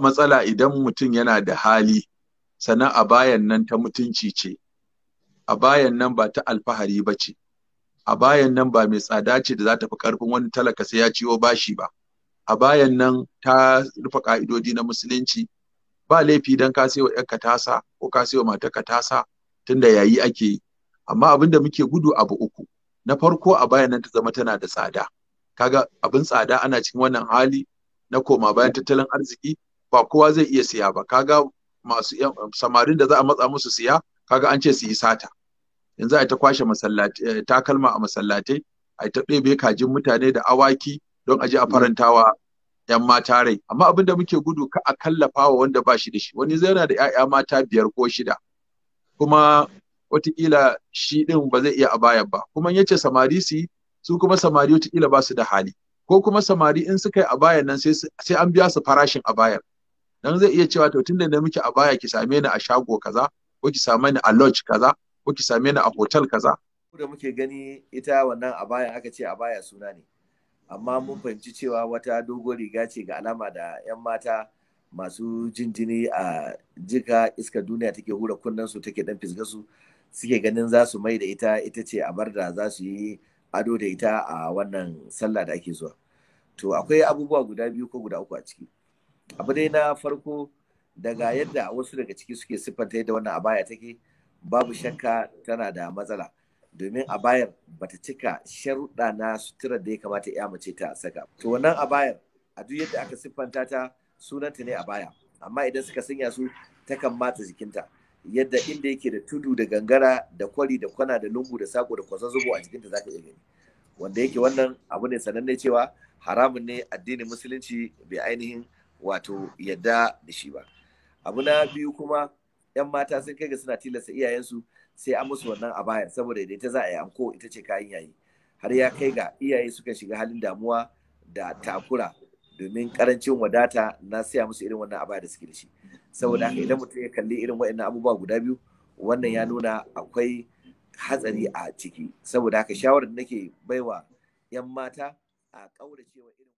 matsala idan mutum yana da hali sannan a bayan nan ta mutunci ce a bayan nan ba ta alfahari ba ce a bayan nan ba mai tsada ce da za ta fi karfin wani talaka sai ya ciwo bashi ba a bayan nan ta rufe ka'idodi na musulunci ba laifi don ka sayo yarka tasa ko ka sayo ka tasa tunda yayi ake yi amma abin da muke gudu abu uku na farko a bayan nan ta zama tana da tsada kaga abin tsada ana cikin wannan hali na koma bayan tattalin arziki ba kowa zai iya siya ba kaga masu samarin da za a matsa musu siya kaga an ce su yi sata in za a ta kwashe eh, takalma a masallatai a ta ɗebe kajin mutane da awaki don a je a mm. farantawa yan mata rai amma abin da muke gudu ka a kallafa wa wanda ba shi da shi wani zai yana da 'ya'ya mata biyar ko shida kuma watakila shi ɗin ba zai iya a bayan ba kuma yace samari su su kuma samari watakila ba su da hali ko kuma samari in suka yi a bayan nan sai an biya su farashin a bayan dan zai iya cewa to tunda da muke a baya ki same ni a shago kaza ko ki same ni a lodge kaza ko ki same ni a hotel kaza da muke gani ita wannan a baya aka ce a baya suna ne amma mun fahimci cewa wata dogo riga ce ga alama da 'yan mata masu jinjini a jika iska duniya take hura kunnen su take dan fisga su suke ganin za su mai da ita ita ce a bar da za su yi ado da ita a wannan sallah da ake zuwa to akwai abubuwa guda biyu ko guda uku a ciki abu dai na farko daga yadda wasu daga ciki suke siffanta yadda wannan abaya take babu shakka tana da matsala domin abayar bata cika sharuɗa na suturar da ya kamata ya mace ta saka to wannan abayar a duk yadda aka siffanta ta sunanta ne abaya amma idan suka sanya su takan matsa jikinta yadda inda yake da tudu da gangara da kwari da kwana da lungu da sako da kwasan zubo a jikinta zaka iya gani wanda yake wannan abu ne sananne cewa haramun ne addinin musulunci bai ainihin wato yadda da shi ba abu na biyu kuma yan mata sun kai ga suna tilasta iyayensu sai an musu wannan a bayan saboda idan ta za a yi anko ita ce kayan yayi har ya kai ga iyaye suka shiga halin damuwa da takura domin karancin wadata na siya musu irin wannan abaya da suke da shi saboda haka idan mutum ya kalli irin waɗannan abubuwa guda biyu wannan ya nuna akwai hatsari a ciki saboda haka shawarar da nake baiwa 'yan mata a ƙauracewa irin